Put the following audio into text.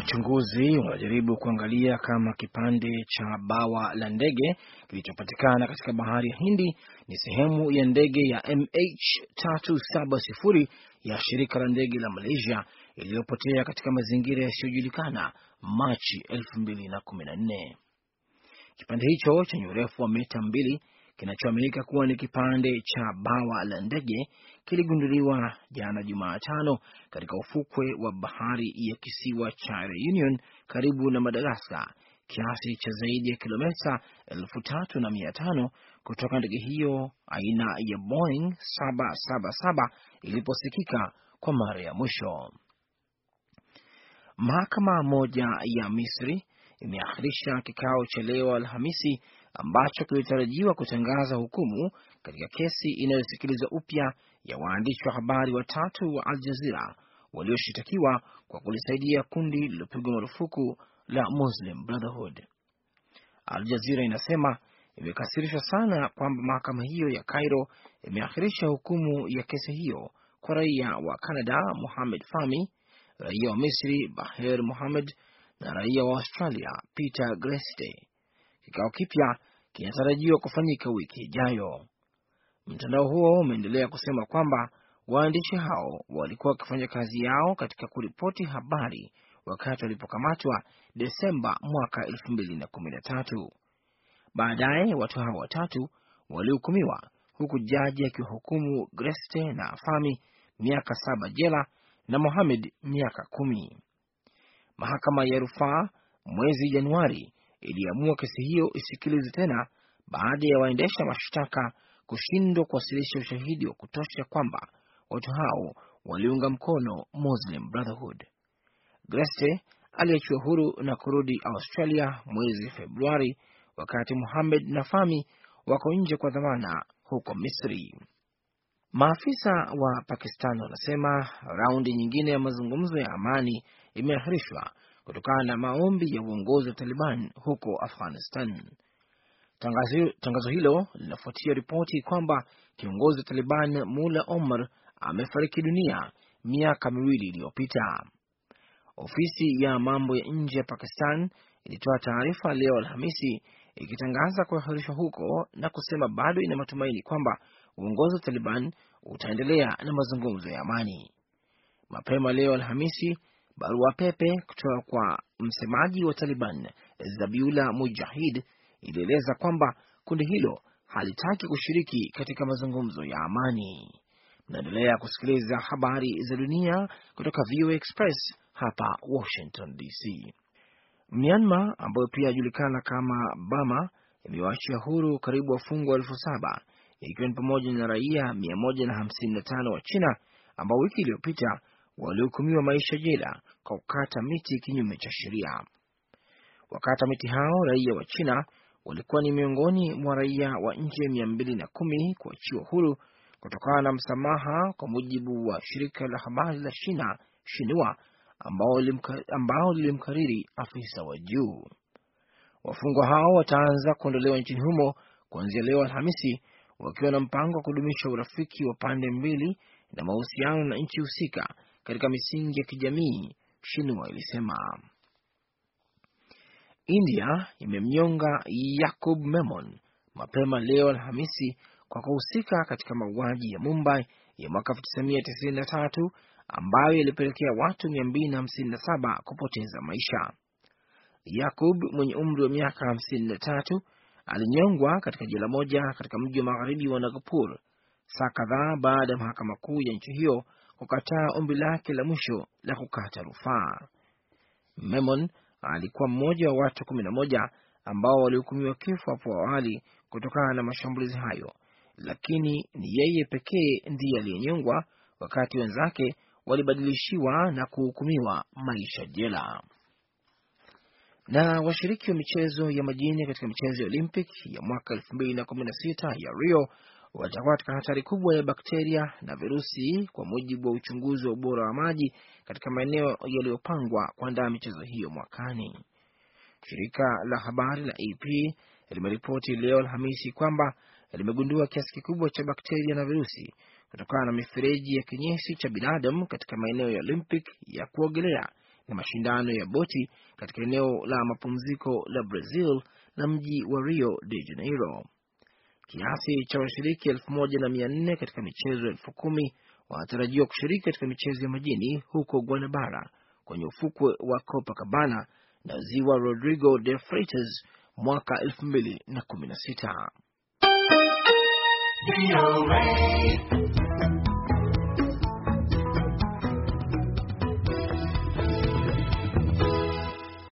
Wachunguzi wanajaribu kuangalia kama kipande cha bawa la ndege kilichopatikana katika bahari ya Hindi ni sehemu ya ndege ya MH370 ya shirika la ndege la Malaysia iliyopotea katika mazingira yasiyojulikana Machi 2014. Kipande hicho chenye urefu wa mita mbili kinachoaminika kuwa ni kipande cha bawa la ndege kiligunduliwa jana Jumatano katika ufukwe wa bahari ya kisiwa cha Reunion karibu na Madagaskar, kiasi cha zaidi ya kilomita elfu tatu na mia tano kutoka ndege hiyo aina ya Boeing 777 iliposikika kwa mara ya mwisho. Mahakama moja ya Misri imeahirisha kikao cha leo Alhamisi ambacho kilitarajiwa kutangaza hukumu katika kesi inayosikilizwa upya ya waandishi wa habari watatu wa Al Jazeera walioshitakiwa kwa kulisaidia kundi lililopigwa marufuku la Muslim Brotherhood. Al Jazeera inasema imekasirishwa sana kwamba mahakama hiyo ya Cairo imeahirisha hukumu ya kesi hiyo kwa raia wa Canada muhamed Fahmy, raia wa Misri Baher muhamed na raia wa Australia Peter Greste. Kikao kipya kinatarajiwa kufanyika wiki ijayo. Mtandao huo umeendelea kusema kwamba waandishi hao walikuwa wakifanya kazi yao katika kuripoti habari wakati walipokamatwa Desemba mwaka 2013. Baadaye watu hao watatu walihukumiwa huku jaji akiwahukumu Greste na Afami miaka saba jela na Mohamed miaka kumi. Mahakama ya rufaa mwezi Januari iliamua kesi hiyo isikilizwe tena baada ya waendesha mashtaka kushindwa kuwasilisha ushahidi wa kutosha kwamba watu hao waliunga mkono Muslim Brotherhood. Greste aliachiwa huru na kurudi Australia mwezi Februari, wakati Muhamed na wako nje kwa dhamana huko Misri. Maafisa wa Pakistan wanasema raundi nyingine ya mazungumzo ya amani imeahirishwa kutokana na maombi ya uongozi wa Taliban huko Afghanistan. Tangazo, tangazo hilo linafuatia ripoti kwamba kiongozi wa Taliban Mula Omar amefariki dunia miaka miwili iliyopita. Ofisi ya mambo ya nje ya Pakistan ilitoa taarifa leo Alhamisi ikitangaza kuahirishwa huko na kusema bado ina matumaini kwamba uongozi wa Taliban utaendelea na mazungumzo ya amani. Mapema leo Alhamisi, barua pepe kutoka kwa msemaji wa Taliban Zabiula Mujahid ilieleza kwamba kundi hilo halitaki kushiriki katika mazungumzo ya amani. Mnaendelea kusikiliza habari za dunia kutoka VOA Express hapa Washington DC. Myanmar ambayo pia inajulikana kama Bama imewaachia huru karibu wafungwa elfu saba ikiwa ni pamoja na raia 155 wa China ambao wiki iliyopita walihukumiwa maisha jela kwa kukata miti kinyume cha sheria. Wakata miti hao raia wa China walikuwa ni miongoni mwa raia wa nje 210 kuachiwa huru kutokana na msamaha, kwa mujibu wa shirika la habari la China Shinua ambao lilimkariri afisa wa juu. Wafungwa hao wataanza kuondolewa nchini humo kuanzia leo Alhamisi wakiwa na mpango wa kudumisha urafiki wa pande mbili na mahusiano na nchi husika katika misingi ya kijamii, Shinua ilisema. India imemnyonga Yakub Memon mapema leo Alhamisi kwa kuhusika katika mauaji ya Mumbai ya mwaka 1993 ambayo yalipelekea watu 257 kupoteza maisha. Yakub mwenye umri wa miaka 53 alinyongwa katika jela moja katika mji wa magharibi wa Nagpur saa kadhaa baada ya mahakama kuu ya nchi hiyo kukataa ombi lake la mwisho la kukata rufaa. Memon alikuwa mmoja wa watu kumi na moja ambao walihukumiwa kifo hapo awali kutokana na mashambulizi hayo, lakini ni yeye pekee ndiye aliyenyongwa, wakati wenzake walibadilishiwa na kuhukumiwa maisha jela. Na washiriki wa michezo ya majini katika michezo ya Olympic ya mwaka 2016 ya Rio watakuwa katika hatari kubwa ya bakteria na virusi, kwa mujibu wa uchunguzi wa ubora wa maji katika maeneo yaliyopangwa kuandaa michezo hiyo mwakani. Shirika la habari la AP limeripoti leo Alhamisi kwamba limegundua kiasi kikubwa cha bakteria na virusi kutokana na mifereji ya kinyesi cha binadamu katika maeneo ya Olympic ya kuogelea na mashindano ya boti katika eneo la mapumziko la Brazil na mji wa Rio de Janeiro. Kiasi cha washiriki elfu moja na mia nne katika michezo elfu kumi wanatarajiwa kushiriki katika michezo ya majini huko Guanabara kwenye ufukwe wa Copacabana na ziwa Rodrigo de Freitas mwaka elfu mbili na kumi na sita.